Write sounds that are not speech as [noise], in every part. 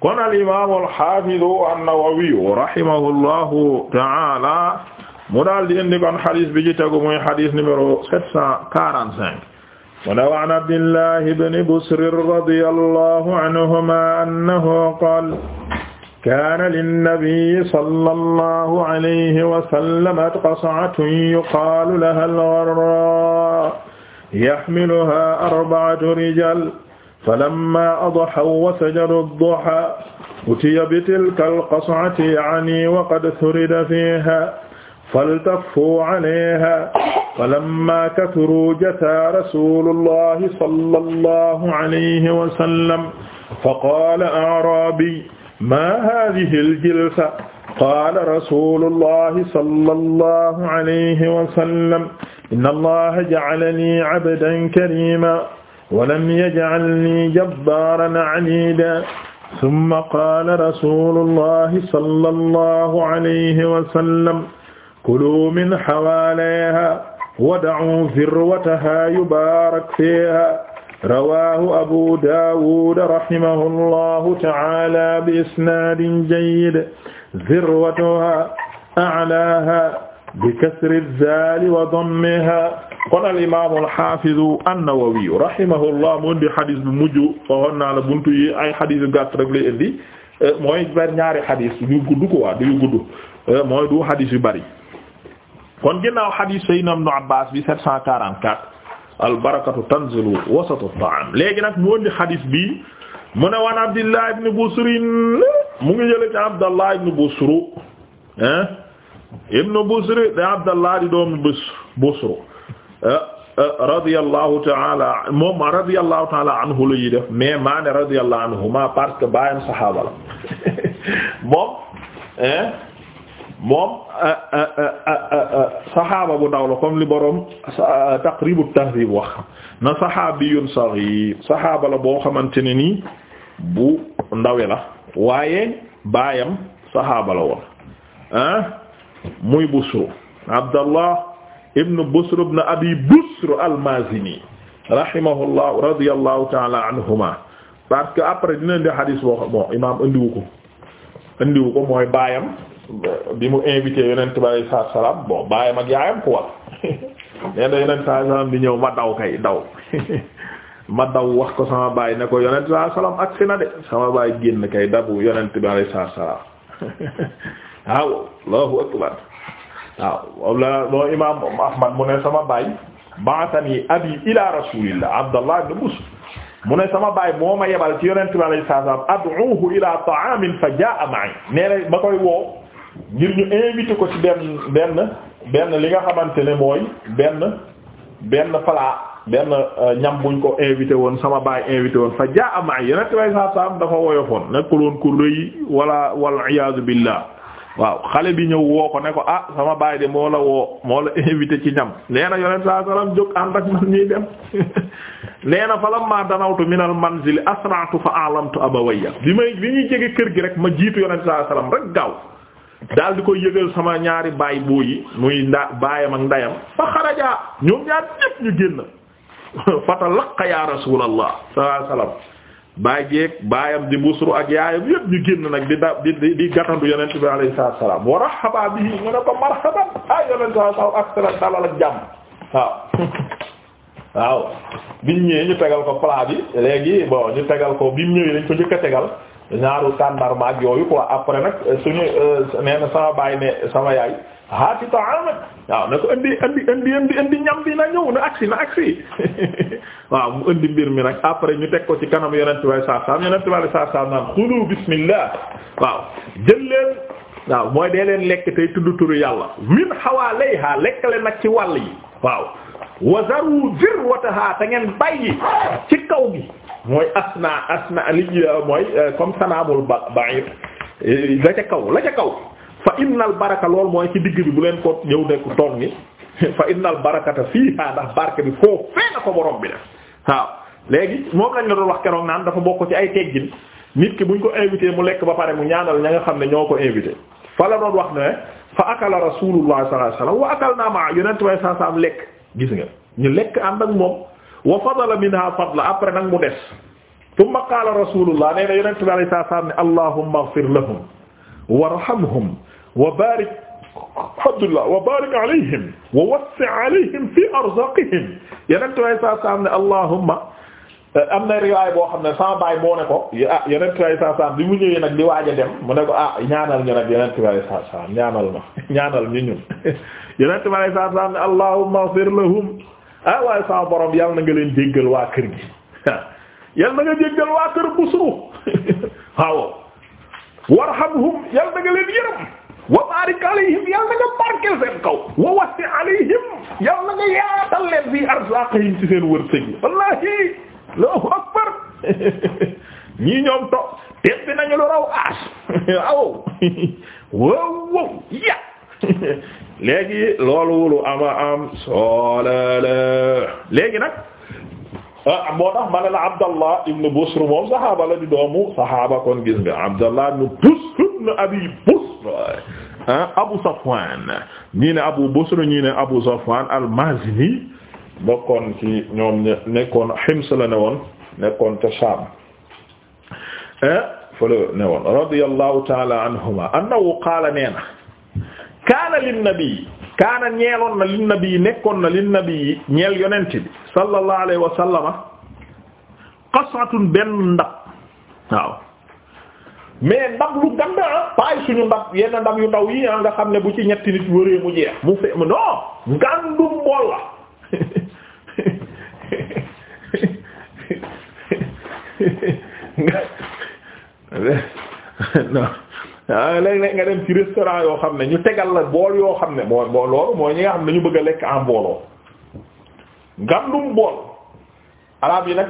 kon al imaam al haafiz an-Nawawi rahimahullahu ta'ala mu daal di indi kon hadith bi ci tegu muy hadith numéro 745 mu ne wa an Abdillahi ibn Busr radiyallahu anhuma annahu qaala kaana linnabiyyi sallallahu alayhi wa sallam qas'atun yuqaalu laha al-gharraa yahmiluhaa arba'atu rijaal فلما أضحوا وسجدوا الضحى أتي بتلك القصعة يعني وقد ثرد فيها فالتفوا عليها فلما كثروا جثى رسول الله صلى الله عليه وسلم فقال أعرابي ما هذه الجلسة قال رسول الله صلى الله عليه وسلم إن الله جعلني عبدا كريما walam yaj'alnii jabbaaran aniidan summa qaala rasuulullahi sallallahu alayhi wa sallam kuluu min hawaalayhaa wada'uu firwatahaa yubaarak fiihaa rawaahu abuu daawuud rahimahullahu ta'aalaa bi isnaadin jayyid firwatuhaa a'laahaa bi kasri daali wa dammiha kon al imaamu al xaafizu an mu indi xadis bu mujj waxoon naa la buntu yi ay xadis yu gàtt indi mooy ber ñaari xadis yu gudd quoi du yu gudd mooy du xadis yu bari. kon ginnaaw xadis Sayyidina Ibnu Abbaas bi 744 al barakatu tanzilu wasatu taam léegi mu indi xadis bi mu ne waan Abdullah ibn Busr mu ngi jëlee Abdullah ibn Busr ah. ibnu Busr da Abdallah di doomi Busr Busr eh, eh, radiyallahu taala moom radiyallahu taala anhu la yi def mais maa ne radiyallahu anhuma parce que bàyyam saxaaba la [laughs] moom eh, moom saxaaba bu ndaw la comme li borom taqribu tahdhib wax na saxaabiyun saghir saxaaba la boo xamante ne nii bu ndawe la waaye baayam saxaaba la woon ah muy Busru Abdallah ibn Busru ibn Abi Busru al-Mazini rahimahullah radiyallahu anhuma parce que après dina indi hadis boo xam bon imaam indiwu ko indiwu ko mooy baayam bi mu invité yonent bi alayhi salaam bon baayam ak yaayam ko nee na yonent salaam di ñëw ma daw kay daw [laughs] ma daw wax ko sama baay ne ko yonent saa salaam agsi na de sama baay génn kay dabu yonent bi alayhi salaatu salaam [laughs] Ah, waaw allahu akbar ah, waaw moom la moo imam ahmad mu ne sama baay ba'athani abi ila rasulillah abdallah ibn mu ne sama baay moo ma yebal ci yonent bi alayhi salaam ad'uhu ila ta'amin fa jaa ma'i nee na ma koy woo ngir ñu invité ko ci benn benn benn li nga xamante ne mooy benn benn plat benn euh, ñam buñ ko invité woon sama baay invité woon fa jaa ma'i yonent bi alayhi salaam dafa woyofoon nekkul woon ku rëy wala wal iyaazu billah waaw xale bi ñëw woo ko ne ko ah sama baay de moo la woo moo la invité ci ñam nee na yonent salaam jóg ànd ak man ñuy dem [laughs] nee na falam ma danawtu minal manzili asra'tu fa a'lamtu abawayya bi may bi ñuy jege kër gi rek ma jiitu yonent saa salaam rek gaaw daal di koy yëgal sama ñaari baay boo yi muy nda baayam ak ndayam fa xarajaa ñoom ñaar ñu génn [laughs] fatalaqqa ya rasulallah sallallahu alayhi wasallam baay jeeg baayam di busru ak yaayam yépp ñu génn nag di da di di di gàttandu bi alayhi salaam wa rahaba bihi ñu ne ko marhaban ah yonent saa saw ak sala dalal ak jàmm waaw [laughs] waaw biñ ñëwee ñu tegal ko plat bi léegi bon ñu tegal ko bi mu ñëwee dañ ko njëkk tegal ñaaru tàndarma ak yooyu quoi après nag suñu euh, nee na sama baay ne sama yaay haati ta'amak waaw na ko indi indi indi indi indi ñam bi na ñëw na agsi na agsi [laughs] waaw mu indi mbir mi nag après ñu teg ko ci kanam yonent bi saa saam yonent bi saa saam naan xulu bismillah waaw jël leen waaw mooy dee leen lekk tey tudd turu yàlla min hawalayha lekk leen nag ci wàll yi waaw wa zaru zirwataha te ngeen bàyyi ci kaw gi mooy asna asna li mooy euh, comme sanaamul ba- ba'ir eh, la ca kaw la ca kaw fa innal baraka loolu mooy ci digg bi bu leen ko ñëw nekk toog ni [laughs] fa innal barakata fiiha ndax barke bi foofu fee na ko borom bi def waaw léegi moom lañ la doon wax keroog naan dafa bokk ci ay teggin nit ki buñ ko invité mu lekk ba pare mu ñaanal ña nga xam ne ñoo ko invité fa la doon wax ne fa akala rasulullah sallallahu alayhi akal naa ma yonent bay saa saam lekk gis nga ñu lekk ànd ak moom wa fadala minha fadla après nag mu des thumma qaala rasulullah nee na yonent bi alayhi salaam ne allahumma ighfir lahum warhamhum wa barik Abdullah wa barik alayhim wa wassi alayhim fi arzaqihim yeneen turay saa saam ne allahumma eh, am na riwaay boo xam ne sama baay moo ne ko ah yeneen turay saa saam bi mu ñëwee nag di waaj a dem mu ne ko ah ñaanal ñu nag yeneen turay saa saam ñaanal ma [laughs] ñaanal ñu ñun yeneen turay saa saam ne allahumma ighfir lahum ah waaye sama borom yal na nga leen jéggal waa kër gi [laughs] yal na nga jéggal waa kër busru [laughs] waaw warhamhum yal na nga leen yërëm wa barik alayhim yal na nga barkeel fi arzaqihim ci seen wërsëg wallahi Allahu akbar [laughs] ñii ñoom to teb bi nañu lu raw [laughs] aw wow ya [laughs] léegi loolu lu ama am solala léegi nag ah moo tax ibn Busr moom saxaaba di doomu saxaaba kon gis nga ibn Busr ibn Abi Busr Abu Safwan ñii ne Abu Busr ñii Abu Safwan al-Mazini bokkoon ci ñoom nekkoon Hims la ne nekkoon ca Sham eh, ta'ala anhuma annahu neena kaana linnabi kaana ñeeloon na linnabi nekkoon na linnabi ñeel yonent bi sallallahu alayhi wa benn ndab mais ndab lu gànna ah paay suñu ndab yenn ndab yu ndaw yi ah nga xam ne bu ci ñetti nit wëree mu jeex mu fe non ngàndum mbool la [laughs] non ah, léeg-léeg nga dem ci restaurant yoo xam ne ñu tegal la bool yoo xam ne moo moo loolu mooy ñi nga xam ne dañu bëgg a lekk en booloo ngàndum bool arab yi nag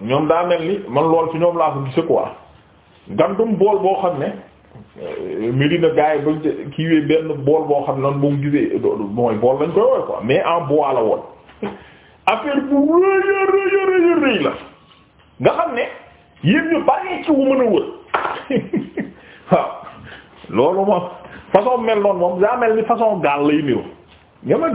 ñoom daa mel ni man lool ci ñoom laa ko gise quoi gandum bool boo xam ne euh, Médina gars yi bañ kiiwee benn bool boo xam ne noonu bu mu gisee mooy bool lañ koy wooy quoi mais en bois la woon [laughs] affaire bu rëy rëy rëy rëy la nga xam ne yéen ñu bari [laughs] mel ni façon gaal lay niru ñama [laughs]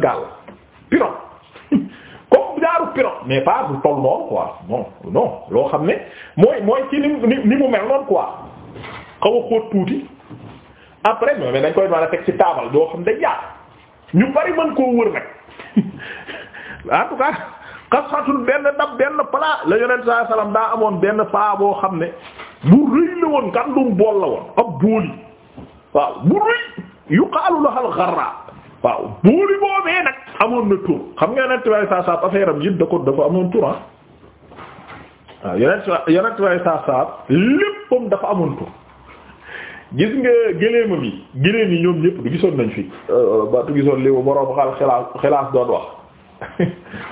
comme jaaru pirogue mais pas du toll noonu quoi non loo xam ne mooy mooy ci ni ni mu mel noonu quoi xaw a xóot tuuti après dañ koy mën a teg ci taabal doo xam ne jaar ñu bari man koo wër nag [laughs] en tout cas xasxatul benn dab benn plat la yonent saa salaam daa amoon benn paa boo xam ne bu rëy la woon gàndum bool la woon ab booli waaw bu rëy yuqaalu la xal xarraa waaw booli boobee nag amoon na tur xam nga yonent bi saa saaf affaire am yëpp da ko dafa amoon tur ah waaw léppam dafa amoon tur gis nga gëléemam yi gëléem yi ñoom ñëpp du gisoon nañ fi euh, ba tu gisoon li mu borom xal wax [laughs]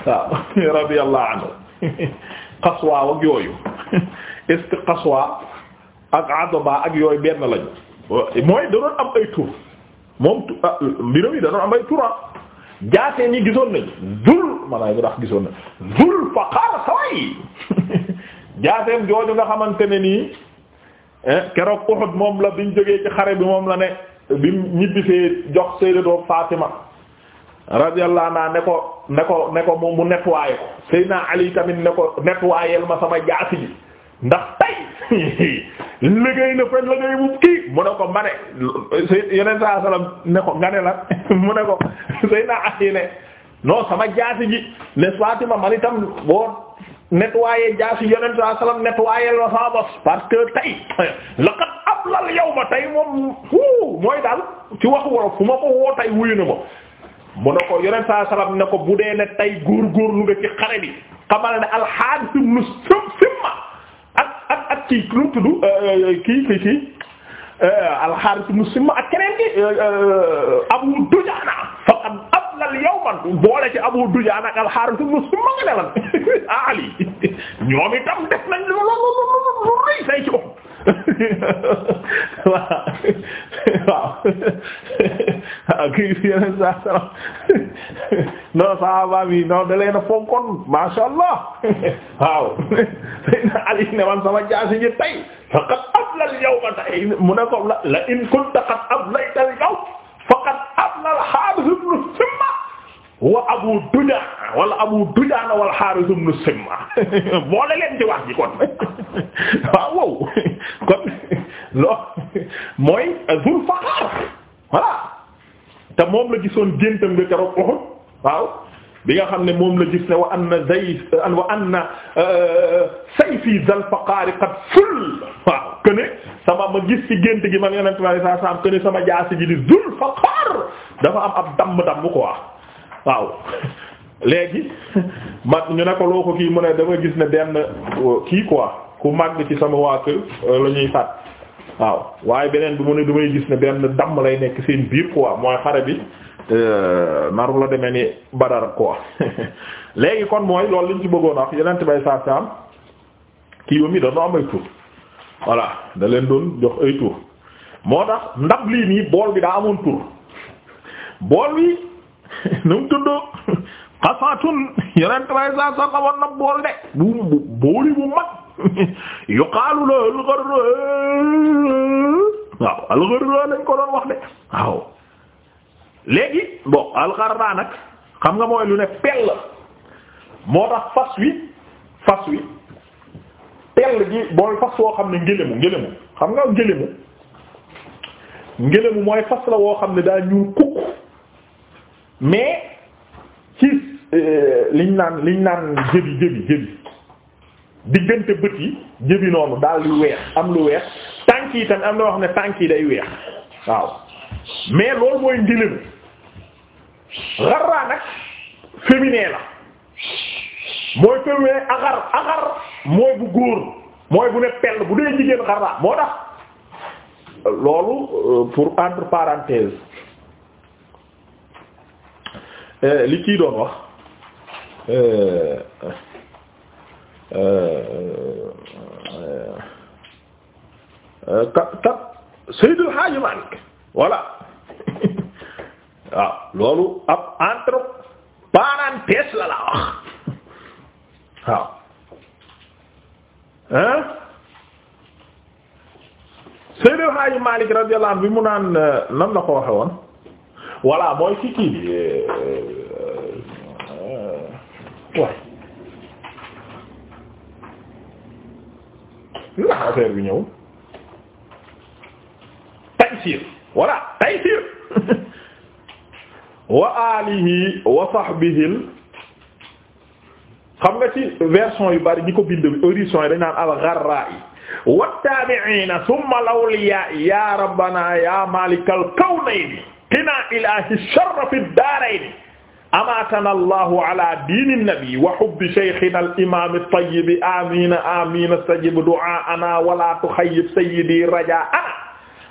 waaw [laughs] radiyallahu anhu xaswaa [laughs] ak yooyu est-ce que ak adoba ak yooyu benn lañu mooy da am ay tur moom ah, mbiram yi da am ay tur ah. jaasee ni gisoon nañ zul malaay bu tax gisoon nañ zul faqaar saway jaaseem jooju nga xamante ne nii eh, keroog Uhud moom la biñ jógee ci xare bi moom la ne bi ñibbisee jox sayyidatu Fatima radiyallahu naa ne ko ne ko ne ko mu nettoyé ko Seydina Ali tamit ne ko nettoyel ma sama jaasi ji ndax tay [laughs] liggéey na fenn liggéey bu kii mu ne ko ma ne Seydou yeneen saa salaam ne ko nga ne la [laughs] mu ne ko Seydou naa as ne non sama jaasi ji ne soit ma man itam boo nettoyé jaasi yeneen saa salaam nettoyé la sama bopp parce que tey [laughs] laqad ablal ma tey moom fuu mooy daal ci waxu wolof fu ma ko woo wuyu na ma. mu ne ko yeneen saa salaam ne ko bu dee ne tey góorgóorlu nga ci xare bi xamal ne alxaadis ibnu simma ak ak kii lu tudd euh, euh, kii kii kii euh, alxaaris ibn Simma ak keneen ki Abu Dujaana faqad afla al-yawma boole ci Abu Dujaana ak alxaaris ibn Simma nga ne lan [laughs] ah, Ali ñoom itam def nañ lu lu lu lu rëy say ci waaw [laughs] waaw [laughs] kii si yeneen saa salaam [laughs] non saaba bi non da leen a fonkoon masha Allah waaw Ali ne man sama jaasi ji tey faqad afla al-yawma tey ko la in kunta qad aflayta al-yawma faqad afla al-Harith ibn Simma wal Harith Simma boole leen ci wax ji kon kon loo mooy zul faqaar voilà te moom la gisoon géntam nga ko Uhud waaw bi nga xam ne moom la gis ne wa anna zay wa anna euh, sayfi zal faqaari qad ful waaw këne sama ma gis ci gént gi man yonent bi sallallahu alayhi wasallam këne sama jaasi ji di zul faqaar dafa am ab damm-damm quoi waaw léegi [laughs] ma ñu ne ko loo ko kii mu ne dafa gis ne benn euh, kii quoi ku màgg ci sama waa kër euh, la ñuy faat waaw waaye beneen bi mu ne damay gis ne benn damm lay nekk seen biir quoi mooy xare bi naru euh, la demee ni badar quoi [laughs] léegi kon mooy loolu liñ ci bëggoon wax yenent bay saa saam kii ba mi da doon tur voilà da leen doon jox ay tur moo tax ndab lii nii bool bi daa amoon tur bool bi [laughs] nu mu tudd [laughs] xasaatun yenent bay saa saam amoon na bool de bu booli bu mag [laughs] yuqaalu la alxarra waaw alxarra lañ ko doon wax de waaw léegi bon alxarra nag xam nga mooy lu ne pell moo tax fas wi fas wi pell gi booy fas woo xam ne ngélému ngélému xam nga ngélému ngélému mooy fas la woo xam ne daa ñuul kukk mais ci euh, liñ naan liñ naan jëbi jëbi jëbi diggante bët yi jëbi noonu daal lu weex am lu weex tànk yi tamit am na wax ne tànk yi day weex waaw mais loolu mooy ndilim xarraa nag féminin la mooy féminin axar axar mooy bu góor mooy bu ne pell bu dee jigéen xarraa moo tax loolu euh, pour entre parenthèses euh, li kii doon wax euh, ka ka Seydil Hadji Malick voilà waaw loolu ab entre parenthèses la la wax waaw hein Seydil Hadji Malick radiyallahu anhu bi mu naan euh, nan la ko wax woon voilà mooy ci kii euh, euh, li tax affaire bi ñëw taysir voilà taysir [laughs] wa alihi wa sahbihi nga ci version yu bari ñi ko bind audition yi dañ naan al gharra yi wa tabi'ina thumma lawliya ya rabbana ya malikal kawnayni qina ilahi sharrafid daraini amatana allahu ala diini nabi wa hubbi shaykhina al imam at-tayyib amina amina istajib du'aana wala tukhayyib sayyidi raja'ana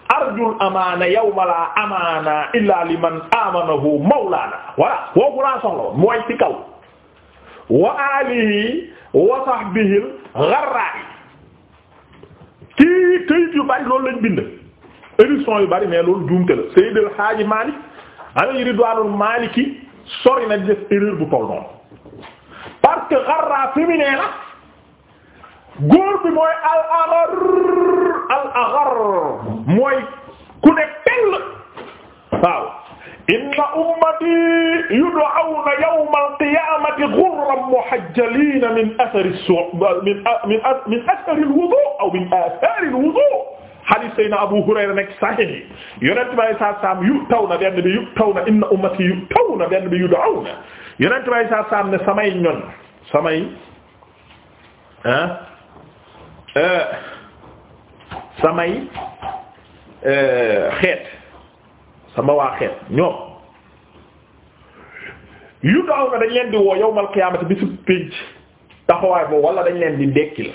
arjul amaana yawma la amaana illa liman amanahu mawlana voilà kooku laa soxla mooy ci kaw wa alihi wa sahbihi al-gharra'i kii këyit yu bari loolu lañ bind édition yu bari mais loolu juumte la Seydil Haaji Maalik alayhi ridwaanul maaliki sori nag def erreur bu toll noonu parce que xarra féminin la góor bi mooy al agar al agar mooy ku ne tell waaw inna ummati yud'awna yawma al-qiyamati ghurran muhajjalina min athari as-su' min min athari al-wudu' aw min athari al-wudu' hadith sayna Abu Hurayra nekk sahih yi yonent bi saa saam yu taw na benn bi yu taw na inn ummati yu taw na benn bi yu daaw na yonent saa saam ne samay ñoon samay ah, eh, samay eh, xeet sama waa xeet ñoom yu daaw na dañ leen di woo yawmal qiyaamati bisu pénc taxawaay boobu wala dañ leen di dekkil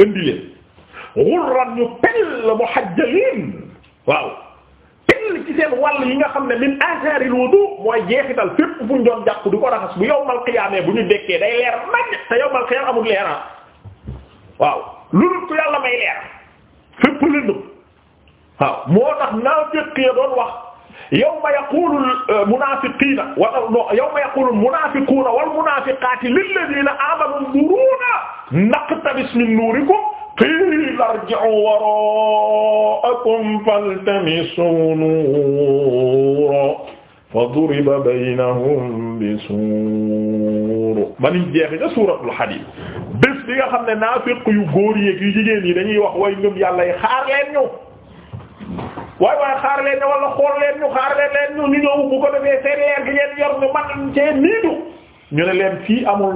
indi leen. xurran ñu pell muhajjalin waaw pell ci seen wàll yi nga xam ne min atharil wudu mooy jeexital fépp fu ñu doon jàpp di ko raxas bu yowmal qiyaamee bu ñu dekkee day leer nañ te yowmal qiyaam amul leer ah waaw lu dul ko yàlla may leer fépp lëndëm waaw moo tax naafiq ya doon wax yawma yaqulu al-munaafiqiina wa yawma yaqulu al-munaafiquuna wal-munaafiqaatu lilladhiina aamanuu unzurunaa naqtabis min nuurikum qiila irji'uu waraa'akum faltamisuu nuuran faduriba baynahum bisuurin ba ni jeexi ca suuratul hadiid bés bi nga xam ne naafiq yu góor yi ak yu jigéen yi dañuy wax way ngëm yàlla yi xaar leen ñu waay waay xaar leen ñu wala xool leen ñu xaar leen ñu ñu ñëw bu ko defee seen leer gi ngeen yor ñu man cee niitu ñu ne leen fii amul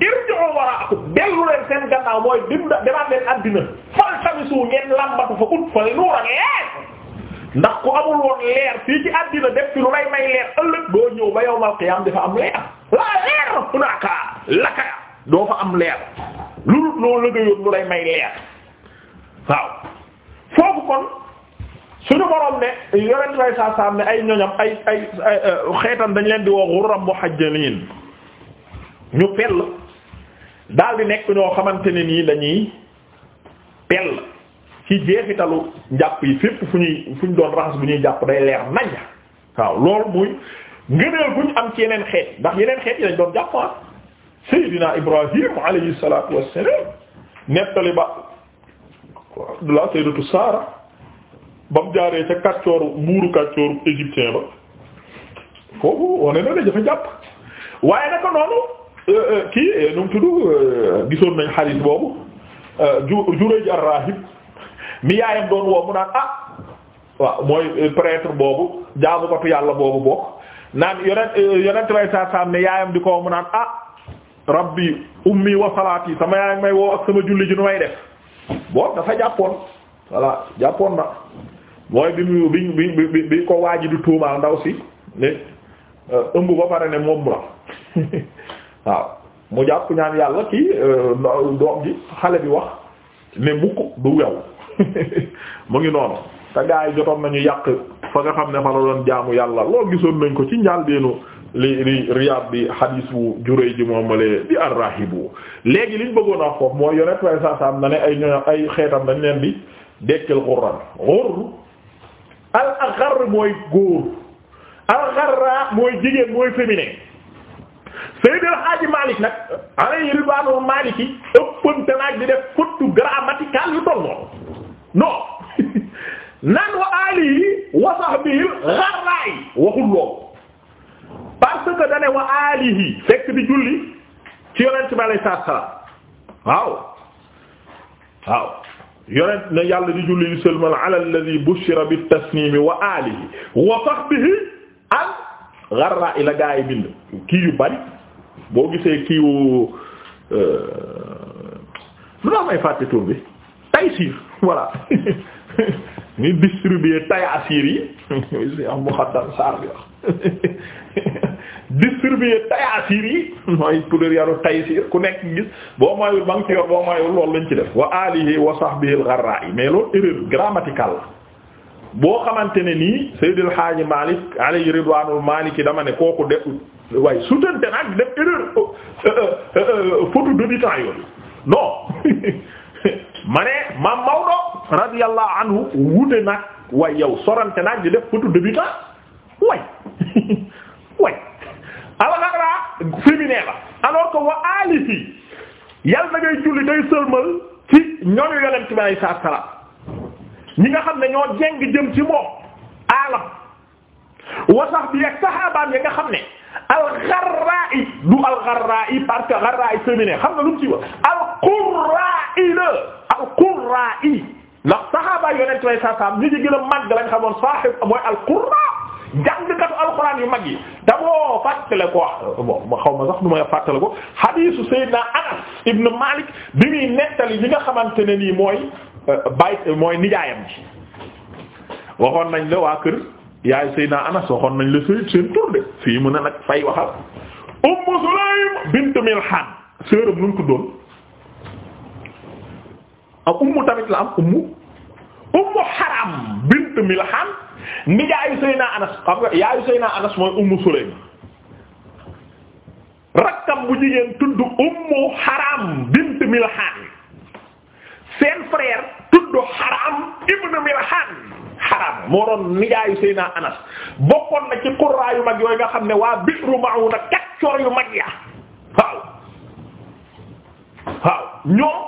irji'u waraakum dellu leen seen gannaaw mooy dim demaat leen addina faltamisu ngeen lambatu fa ut fa nuura leer ndax ku amul woon leer fii ci addina def fi lu lay may leer ëllëg doo ñëw ba yawmal qiyaam dafa am leer laa leer hunaaka laka doo fa am leer lu dul loo lëgëyoon lu lay may leer waaw foofu kon suñu borom ne yonent way saa saam ne ay ñoñam ay ay xeetam dañ leen di woo ghurran muhajjalin ñu pell daal di nekk ñoo xamante ne nii dañuy pell ci jeexitalu njàpp yi fépp fu ñuy ñu doon raxas bu ñuy jàpp day leer nañ waaw loolu muy ngëneel bu ñu am ci yeneen xeet ndax yeneen xeet yi dañ doon jàpp ah Ibrahim alayhi salaatu wassalaam nettali ba la Sayyidatu Saara ba mu jaaree ca kàccooru buuru kàccooru égyptien ba foofu wane na ne dafa waaye naka noonu. Euh, euh, kii euh, nu mu tudd gisoon nañ xarit boobu ju Juray ar-Rahib mi yaayam doon woo naan ah waaw mooy prêtre boobu jaamukatu yàlla boobu bokk naan yonent yonent lay saa saa yaayam di ko mu naan ah rabbi ummi wa salaati sama yaayam may woo ak sama julli ji nu may def boobu dafa jàppoon voilà jàppoon na mooy bi mu bi bi bi ko waaji du tuumaal ndaw si ne ëmb pare ne moom la [laughs] waaw mu jàpp ñaan yàlla kii euh, doom ji xale bi wax ne mukk du wew [laughs] mu ngi noonu te gaa yi jotoon nañu yàq fa nga xam ne fa la doon jaamu yàlla lool gisoon nañ ko ci njàlbeenu li li Riyad bi xadiis bu Juray ji moomalee di arrahibu léegi liñ bëggoon a wax foofu mooy yonent way saasaam na ne ay ñoño ay xeetam dañ leen di dekkil xurran xurr al axar mooy góor al xarra mooy jigéen mooy féminin Seydi El Hadji Malick nag alayhi Maliki ëppante naag di def faute grammaticale yu toll noonu non [laughs] nan wa alihi wa sahbihi xarraay waxul loolu dane wa alihi di julli ci yonent bi alayhi salaatu salaam waaw waaw yonent na yàlla di julli di sëlmal ala alladhi bushira bit tasnimi wa garra i la gaa yi bind kii yu bari boo gisee kii yu euh, lu naa may fàtte tur bi Taysiir voilà ñu [laughs] distribuer Tayasiir yi si [laughs] am saar bi wax [laughs] distribuer Tayasiir yi mooy pluriel yaru Taysiir ku nekk gis boo mayul ba nga ci boo mayul loolu lañ ci def wa alihi wa sahbihi al-gharra'i mais loolu erreur grammaticale boo xamante ne nii Seydil Haaji Malik alayhi ridwaanul Maliki dama ne kooku def waaye sutante nag def erreur photo euh, euh, euh, débutant yooyu non [laughs] ma ne maam Maodo radiyallahu anhu wute nag waaye yow sorante nag di def photo débutant way [laughs] way alxaraa féminin la wa alihi yàlla na ngay julli day sëlmal ci ñoñu yonent bi alayhi salaam ñi nga xam ne ñoo jeng jëm ci moom alam wasax bi ak saxaabaam ya nga xam ne alxarraay du alxarraay parce que xarraay féminin xam nga lu mu ci wax alxurraay la alxurraay ndax saxaaba yonent lay saasaam ñi ci gën a mag lañ xamoon saaxib mooy alxurraa jàngkatu alxuraan yu mag yi da boo fàttale ko bon xaw ma sax nu may fàttale ko hadiisu Seydina Anas ibn Malik bi muy nettali li nga xamante ne nii mooy Euh, bay mooy nijaayam ci waxoon nañ la waa kër yaay Seydina Anas waxoon nañ la seen seen tur de fii mu ne nag fay waxal Ummu Sulaym bint Milhan seeram nu tuddoon ak ah, ummu tamit la am ummu ummu Haram bint Milhan nijaayu Seydina Anas xam nga yaayu Anas mooy Ummu Sulaym rakkam bu jigéen tudd Ummu Haram bint Milhan seen frère tudd Haram ibn Milhan Haram moo doon nijaayu Seyna Anas bokkoon na ci qurra yu mag yooyu nga xam ne waa Bi'ru Ma'una kaccoor yu mag ya waaw waaw ñoom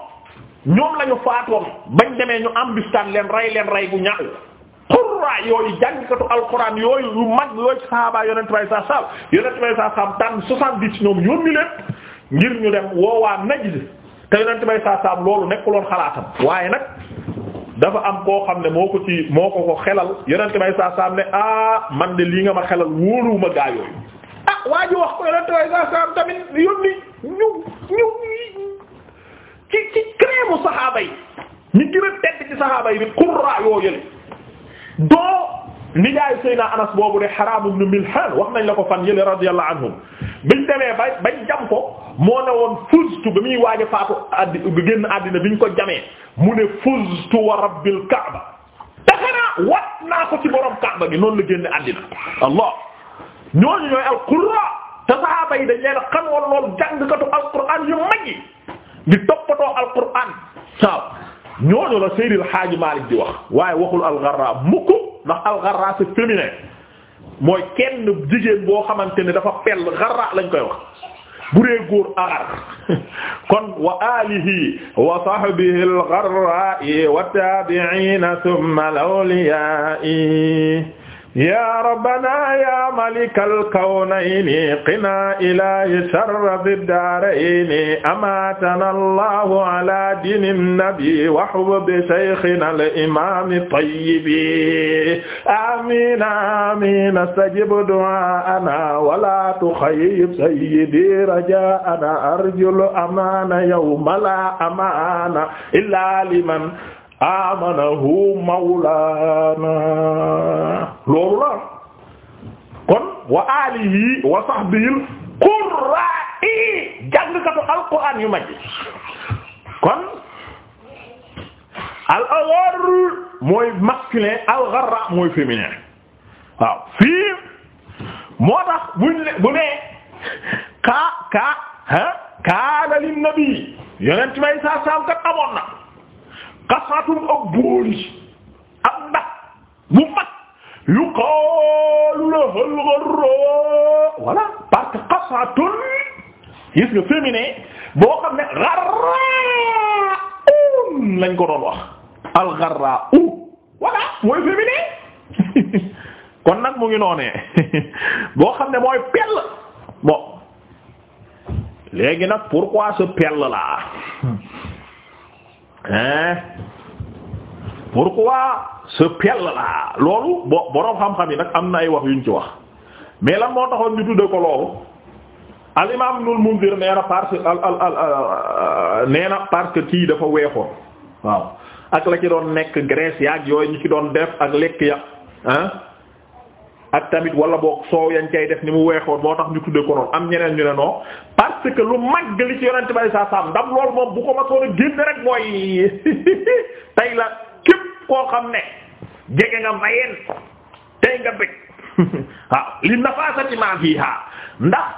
ñoom lañu faatoon bañ demee ñu am embuscade leen rey leen rey bu ñax qurra yooyu jàngkatu alquran yooyu yu mag yooyu sahaaba yonent bay sa sab yonent bay sa sab daan soixante-dix ngir ñu dem woowaa Najd te yonent bay saa loolu nekkuloon xalaatam waaye nag dafa am koo xam ne moo ko ci moo ko ko xelal yonent bay saa ne ah man de lii nga ma xelal wóoluwuma gaa yooyu ah waa ji wax ko yonent bay saa saam tamit yónni ñu ñu ci ci crème saxaaba yi ñu gën a ci saxaaba yi bi qurra yoo yële doo nijaayu Seyna Anas boobu de Haraam ibn Milhaan wax nañ la ko fan yële radiyallahu anhum biñ demee ba bañ jam moo ne woon fuztu ba muy waaj a faatu addi génn àddina biñ ko jamee mu ne fuztu wa rabbil Kaaba taxanaa wat naa ko ci borom Kaaba gi noonu la génn àddina Allah ñooñu ñooy al-qurra te sahaaba yi dañ leen xam woon lool yu mag yi di toppatoo al-Qur'aan waaw ñooñu la Seydil wax waaye waxul al-Gharraab mukk ndax alxarra c'est féminin mooy kenn jigéen boo xamante ne dafa pel xarra lañ koy wax bu dee góor axar [laughs] kon wa alihi wa sahbihi alxarra wa tabi'ina thumma al-awliya yaa rabbana yaa malikal kawnayni qinaa ilaahi sharrafi daarayni amaatana allahu ala diini nabi wa hubbi shaykhina al imaami tayyibi amiina amiina stajib du'aana wala tuxayyib sayyidi rajaana arjul amaana yawma la amaana illaa liman amanahu mawlana loolu la kon wa alihi wa sahbihi qurra'i jàngkatu alquran yu majj kon al aghar mooy masculin al gharra mooy féminin waaw fii moo tax buñ bu ne ka ka ha kaana lin nabi yonent may sa sam kat amoon na xasaatum ak booli am ndax bu mag yuqaalu lahal gharra voilà parce que xasaatun gis nga féminin boo xam ne gharraun lañ ko doon wax al gharra u voilà mooy féminin [laughs] kon nag mu ngi noonee [laughs] boo xam ne mooy pell bon léegi nag pourquoi ce pell là [laughs] hein pourquoi ce pell la loolu bo boroom xam-xam yi nag am na ay wax yu ñu ci wax mais lan moo taxoon ñu tudde ko loolu al imaam Ibnul Munzir nee na parce al al al euh, nee na parce que kii dafa weexoon waaw ak la ci doon nekk graisse yaag yooyu ñu ci doon def ak lekk ya ah ak tamit wala boo soow yañ kay def ni mu weexoon moo tax ñu tuddee ko noonu am ñeneen ñu ne non parce que lu mag li ci yonent bari saa saam ko ma soon a génn rek mooy [laughs] tey la képp koo xam ne jege nga mayeen tey nga bëgg [laughs] li nafasati ma fiha ndax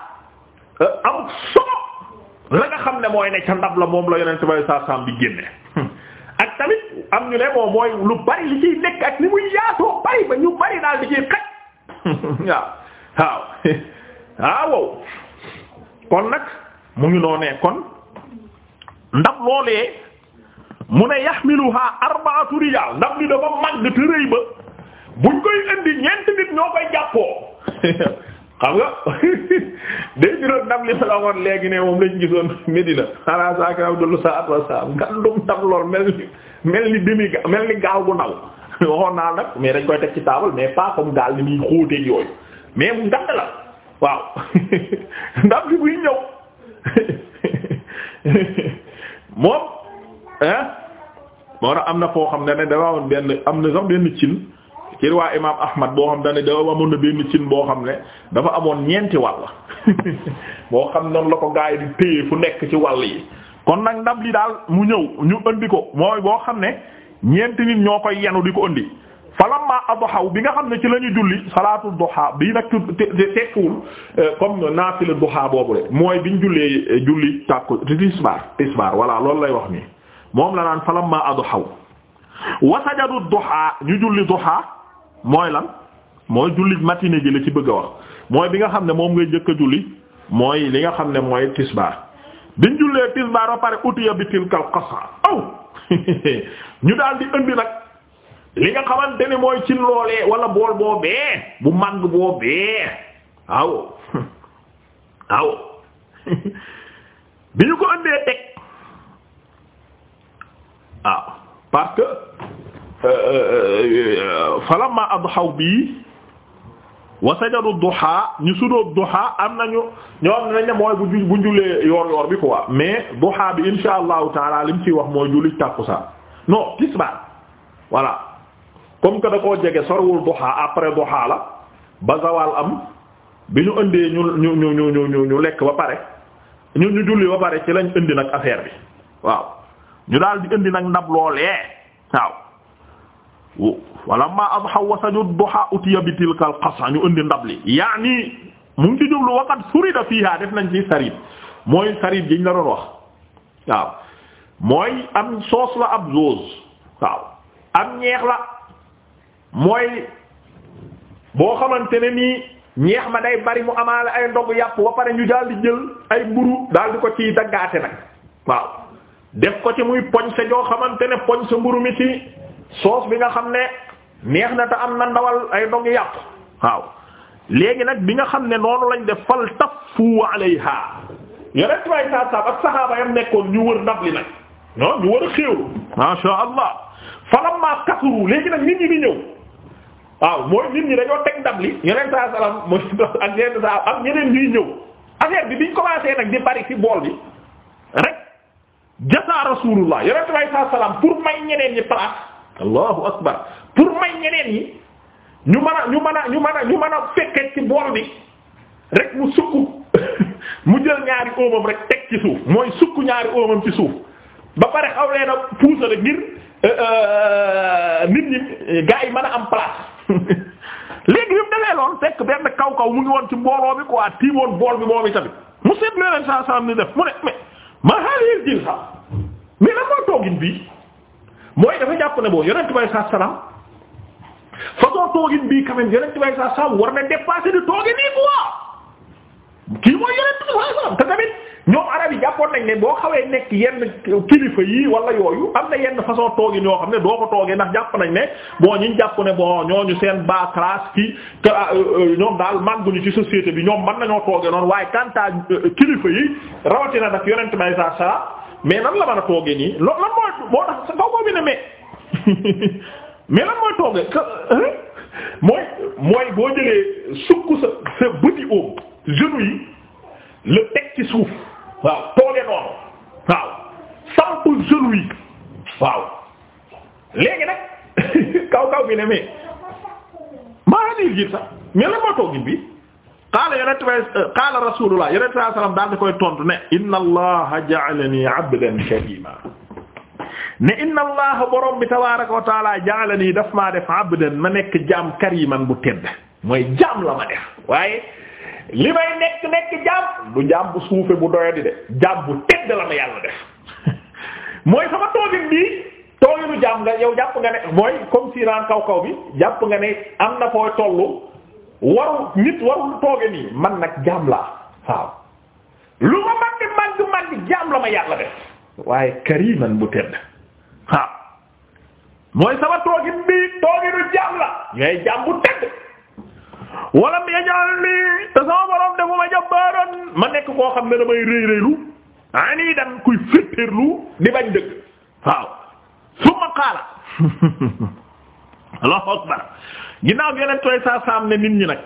eh, am solo la nga xam ne mooy ne ca ndab la moom la yonent bari saa saam bi génne [laughs] ak tamit am ñu ne moom mooy lu bari li ciy nekk ak ni muy yaatoo bari ba ñu bari daal di ciy xaj [laughs] waaw [laughs] ah, waaw kon nag mu ngi noonee kon ndab loolee mu ne yaxmiluha arbaatu rijaal ndab li dafa màgg te rëy ba buñ koy indi ñeenti nit ñoo koy jàppoo [laughs] xam nga day jural ndab li ma la woon léegi ne moom lañ gisoon Medina xanaa saa kii am du lu saa at wa saa ndab lool mel ni mel ni demi mel ni gaaw bu ndaw. [laughs] waxoon naa nag mais dañ koy teg ci taabal mais pas comme gaal ni muy xóoteeg yooyu mais mu ndand la waaw [laughs] ndam li buy ñëw [laughs] moom ah moo tax am na foo xam ne ne dafa amoon benn am na sax benn cin ci waa imaam Ahmad boo xam ne dafa amoon na benn cin boo xam ne dafa amoon ñeenti wàll boo xam noonu la ko gaa yi di téye fu nekk ci wàll yi kon nag ndab li daal mu ñëw ñu andi ko mooy boo xam ne. ñeenti nit ñoo koy yenu di ko ëndi falamma adhaw bi nga xam ne ci la ñu julli salaatu duha bii nag tekkiwul euh, comme naafila duha boobu rek mooy biñ jullee euh, julli tàkku tisbaar tisbaar voilà loolu lay wax nii moom la naan falamma adhaw wa sajadu duha ñu julli duha mooy lan mooy julli matinée gi la ci bëgg a wax mooy bi nga xam ne moom ngay njëkk a julli mooy li nga xam ne mooy tisbaar biñ jullee tisbaar ba pare utiya bi tilkal qasa aw [laughs] ñu daal di indi nag li nga xamante ne mooy cin loolee wala bool boobee bu màgg boobee waaw [laughs] waaw [laughs] bi ñu ko indee teg waaw ah, parce que euh, euh, euh, falamma adhaw bi wa sajadu duha ñu sudóob duha am nañu ñoo am nañ ne mooy bu bu julee yoor yoor bi quoi mais duha bi insha allahu taala li mu ciy wax mooy julli tàkkusaan non tisbaar voilà comme que da koo jege sorwul duha après duha la ba zawal am bi ñu indee ñu ñu ñu ñu ñu ñu lekk ba pare ñu ñu julli ba pare ci lañ indi nag affaire bi waaw ñu daal di indi nag ndab loolee waaw wala ma adhaw wa sajud duha utiya bi tilkal qasa ñu indi ndab li yaani mu ngi ci jublu waqat surida fiha def nañ ci sarid mooy sarid jiñ la doon wax waaw mooy am soos la ab zoos waaw am ñeex la mooy boo xamante ne nii ñeex ma day bari mu amaale ay ndogu yàpp wa pare ñu daal di jël ay mburu daal di ko ciy daggaate nag waaw def ko ci muy poñ sa joo xamante ne poñ sa mburu mi ci soos bi nga xam ne neex na te am na ndawal ay dog yàpp waaw léegi nag bi nga xam ne noonu lañ def fal taffu alayha yeneen ci waay saa saab ak saxaaba yam nekkoon ñu wër ndab li nag non ñu war a xéew ma sha Allah falamma kasuru léegi nag nit ñi di ñëw waaw mooy nit ñi dañoo teg ndab li yeneen saa salaam mooy [laughs] ak yeneen ak ñeneen ñuy ñëw affaire bi biñ commencé nag di bari ci bool bi rek jasa rasulullah yeneen ci waay saa salaam pour may ñeneen ñi place. allahu akbar pour may ñeneen yi ñu mën a ñu mën a ñu mën a ñu mën a fekkee ci bool bi rek mu sukk [laughs] mu jël ñaari óomam rek teg ci suuf mooy sukk ñaari óomam ci suuf ba pare xaw leen a puusale ngir euh, euh, nit ñi gaa yi mën a am place [laughs] léegi bi mu loon fekk benn kaw kaw mu ngi woon ci mbooloo bi quoi tiimoon bool bi moom tamit mu seetlu leen saa saa mu ne mais ma xaaral yéen jël sax mooy toogin bii. mooy dafa jàpp ne boo yonent bay saa salaam façon bii quand même yonent bay saa salaam war na dépasser di toogi nii quoi kii nañ ne boo xawee nekk yenn kilifa yi wala yooyu am na yenn façon toogin yoo xam ne doo ko toogee ndax jàpp nañ ne bon ñu jàpp ne bon ñooñu seen baa classe ki euh, euh, ñoom daal màgguñu ci société bi ñoom mën nañoo toogee noonu waaye quant euh, kilifa yi rawatina nag yonent bay saa salaam mais nan la mën a toogee nii loolu lan mooy moo tax sa kaw boobu ne mais [laughs] mais lan mooy toogee mooy mooy boo jëlee sukk sa sa bëti oom genou yi la teg ci suuf waaw tooge noonu waaw samp genou yi waaw léegi nag kaw kaw bi ne mais maa ngi nii sax mais lan mooy toogin bi. qaala yonent bay qaala rasulullah yonent saa salaam daal di koy tontu ne inna allaha ja'alani abdan karima ne inna allaha borom bi tabaaraka wa taala ja'alani daf maa def abdan ma nekk jaam kariman bu tedd mooy jaam la ma def waaye li may nekk nekk jaam du jaam bu suufe bu doyadi de jaam bu tedd la ma yàlla def [laughs] mooy sama toogin bi tooginu jaam nga yow jàpp nga ne mooy comme si naan kaw kaw bi jàpp nga ne am na fooy tollu waru nit warul tooge nii man nag jaam laa waaw lu ma man di man di man di jaam la ma yàlla def waaye kariman bu tedd waaw mooy sama toogin bii tooginu jaam la yooyu jaam bu tedd wala mi nii te sama borom defuma jabbaaran ma nekk koo xam ne damay réy réylu ani dam kuy féttéerlu di bañ dëgg waaw suma xaala [laughs] Allahu akbar ginnaaw bi yeneen tooy saa saam ne nit ñi nag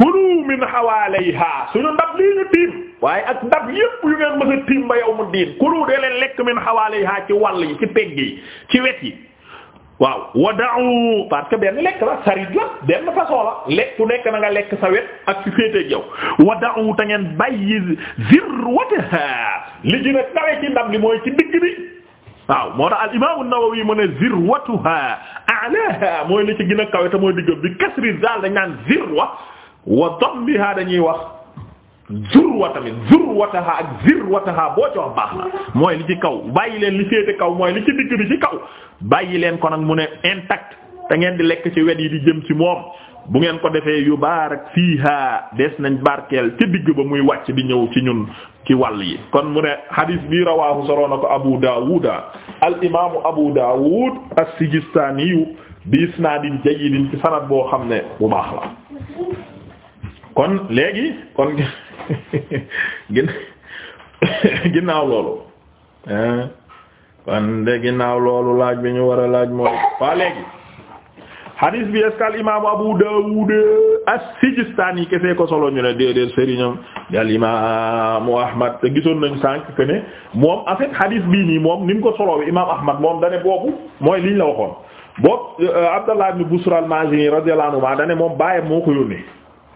kulu min hawaalayha suñu ndab lii ñu tiim waaye ak ndab yépp yu ngeen mës a tiim ba yow mu diin kulu dee leen lekk min hawaalayha ci wàll yi ci pegg yi ci wet yi waaw wada'u parce que benn lekk la sarit la benn façon la lekk ku nekk na nga lekk sa wet ak ci féete yow wada'u ta ngeen bàyyi zirwataha li gën a kawe ci ndab li mooy ci digg bi waaw moo tax al imam an-Nawawi mu ne zirwatuha a'laha mooy li ci gën a kawe te mooy digg bi kasri daal dañ naan zirwa wa dammiha dañuy wax zurwa tamit zurwataha ak zirwataha boo ci wax baax na mooy li ci kaw bàyyi leen li féete kaw mooy li ci digg bi ci kaw bàyyi leen ko nag mu ne intact te ngeen di lekk ci wet yi di jëm ci moom bu ngeen ko defee yu baarak fiiha des nañ barkeel ci digg ba muy wàcc di ñëw ci ñun ci wàll yi kon mu ne hadis bi rawaahu soroon na ko Abu Dawud al imaamu Abu Dawud as-Sijistaaniyu bi isnaadin jayyidin ci sanad boo xam ne bu baax la kon léegi kon [laughs] gin [laughs] ginnaaw loolu kon de ginnaaw loolu laaj bi ñu war a laaj mooy waa léegi hadis bi est-ce que al imaamu Abu Dawud as-Sijistani kese ko solo ñu ne déedéet sëriñam di al imaamu Ahmad te gisoon nañu sànq que moom en fait hadis bii nii moom ni mu ko solo bi imaam Ahmad moom dane boobu mooy liñ la waxoon. boobu euh, Abdallah ibn Busra al-Mazini radiyallahu anhu dane moom baayam moo ko yónnee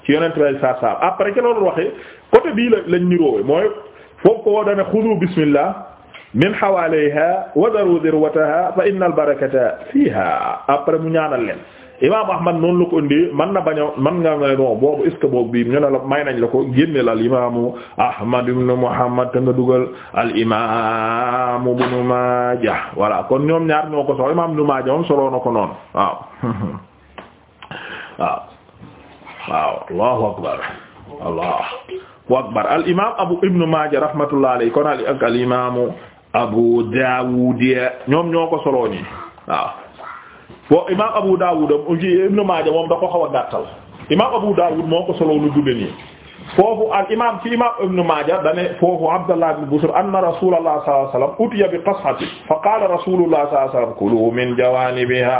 ci yonent bi saa saa après ki loolu waxee côté bii la lañ niroowee mooy foofu ko woo dane bismillah. min hawaliha wa dirwataha fa après mu ñaanal leen imam ahmad noonu la man na baño man nga ne non boobu est-ce que boobu ko génneel al imamu ahmad ibn muhammad te dugal al imam ibn majah voilà kon ñoom ñaar ñoo ko sox imam ibn majah moom soloo ko noonu waaw [laughs] waaw waaw allahu akbar allah akbar al imam abu ibn majah rahmatullah alayhi kon al al imamu Abu Dawud ñoom ñoo ko soloo ñi waaw bo imaam Abu Dawud Ibn Maaja da ko xaw a gàttal imaam Abu Dawud moo ko soloo lu gudde foofu al imaam fi imaam Ibn Maaja dane foofu Abdallah ibn Busr anna Rasuulullah sallallahu alayhi wa sallam utiya bi qashatin fa kulu min jawaanibiha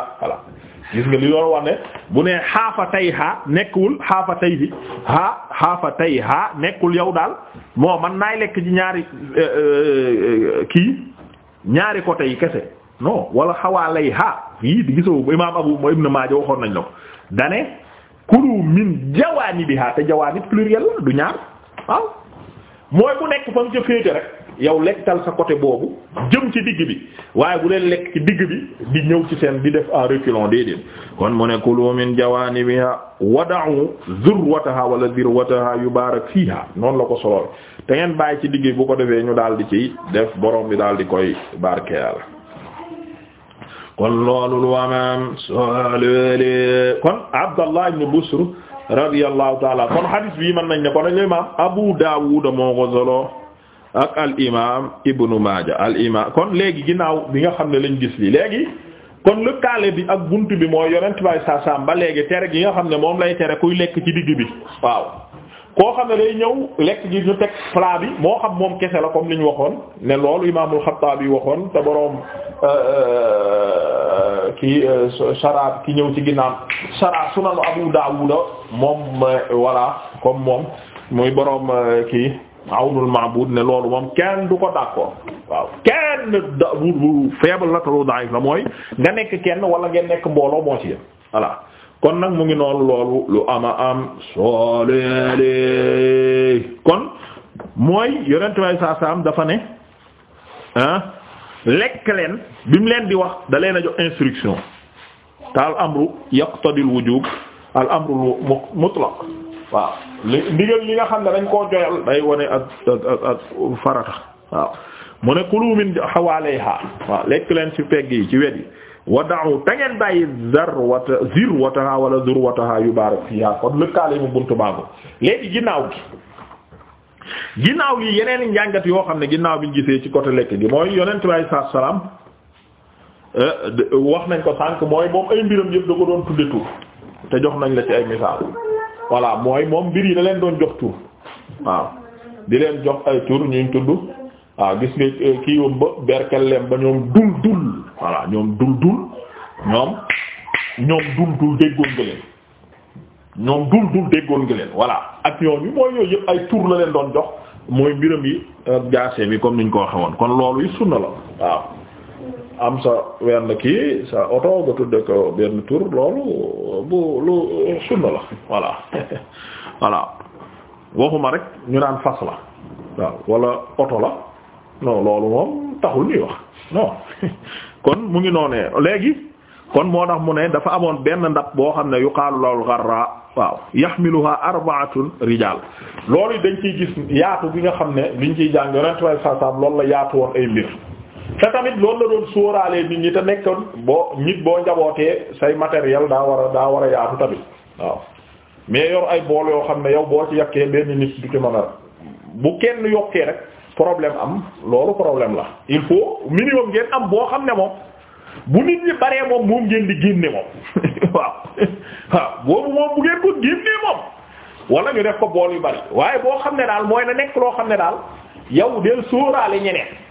gis nga li doon wax ne bu nee xaafa tay xaa nekkul xaafa tay bi xaa xaafa tay xaa nekkul yow daal moo man naay lekk ci ñaari eh, eh, kii ñaari côté yi kese non wala xawaa lay xaa fii di gisoo imaam Abu Ibn Maaja waxoon nañ la ko dane kulu min jawaani bi xaa te jawaani pluriel la du ñaar waaw mooy bu nekk fa mu ca féete rek yow lekkal sa côté boobu jëm ci digg bi waaye bu leen lekk ci digg bi di ñëw ci seen di def en reculant déedéet kon mu ne kulu min jawaanibiha wada'u zurwataha wala zirwataha yubarak fiha noonu la ko solool te ngeen bàyyi ci digg bi bu ko defee ñu daal di ci def borom bi daal di koy barkeel kon loolu lu amaam sol kon Abdallah ibn Busr radiyallahu taala kon hadis bi mën nañ ne kon al imam Abu Dawud moo ko solo ak al imam Ibnu Maaja al kon léegi ginnaaw bi nga xam ne lañ gis lii léegi kon lëkkaale bi ak bunt bi mooy yonent bay sa ba léegi tere gi nga xam ne moom lay tere kuy lekk ci digg bi waaw koo xam ne day ñëw lekk gi ñu teg plat bi moo xam moom kese la comme li ñu waxoon ne loolu imaamul Xattaabi waxoon te boroom euh, euh, ki euh, sharaab ki ñëw ci ginnaaw sharaab sunanu Abu Daawuda moom voilà comme moom muy boroom ki Awnul Ma'bud ne loolu moom kenn du ko d'accord waaw kenn da bu faible la te la mooy nga nekk kenn wala nga nekk mbooloo moo ci yem voilà kon nag mu ngi noonu loolu lu ama am solee kon mooy yonent may saa saam dafa ne ah lekk leen bi mu leen di wax da leen a jox instruction te al amru yaqtadil wujub al amru mutlaq waaw li ndigal li nga xam ne dañ koo joyal day wone ak ak ak farata waaw mu ne kulu min hawaalayha waaw lekk leen ci pegg yi ci wet yi wa da'u te ngeen bàyyi zarwata zirwataha wala zurwataha yubarak fiha kon lëkkaale mu buntu baago léegi ginnaaw gi ginnaaw yi yeneen njàngat yoo xam ne ginnaaw bi ñu gisee ci côté lekk gi mooy yonent bi saa salaam eh, wax nañ ko sànq mooy moom ay mbiram yëpp da ko doon tudde tur te jox nañ la ci ay misaal voilà mooy moom mbir yi daleen doon jox tur waaw di leen jox ay tur ñuy tudd waaw gis nga euh, kii wam ba berkelem ba ñoom dul dul voilà ñoom dul dul ñoom ñoom dul dul déggoon nga leen ñoom dul dul voilà ak ñoom yi mooy yooyu yëpp ay tur la leen doon jox mooy mbiram yi jaase bi comme niñ ko waxe woon kon loolu yi sunna la waaw am sa wenn kii sa oto ba tudde ko benn tur loolu bu lu sunna la [laughs] voilà waxuma rek ñu naan fas la waaw wala oto la non loolu moom taxul ñuy wax non [laughs] kon mu ngi noonee léegi kon moo tax mu ne dafa amoon benn ndab boo xam ne yuqaalu lawul garra waaw yaxmiluha arbaatun rijaal loolu dañ ciy gis yaatu bi nga xam ne liñ ciy jàng yonent way saasaam loolu la yaatu woon ay mbir te tamit loolu la doon sóoraalee nit ñi te nekkoon boo nit boo njabootee say matériel daa war a daa war a yaatu tamit waaw mais yor ay bool yoo xam ne yow boo ci yokkee benn nit du ci bu kenn yokkee rek problème am loolu problème la il faut minimum ngeen am boo xam ne moom bu nit ñi baree moom moom ngeen di génne moom [laughs] waaw waaw boobu moom bu ngeen ko génnee moom wala ñu def ko bool yu bari waaye boo xam ne daal mooy na nekk loo xam ne daal yow del sóoraale ñeneen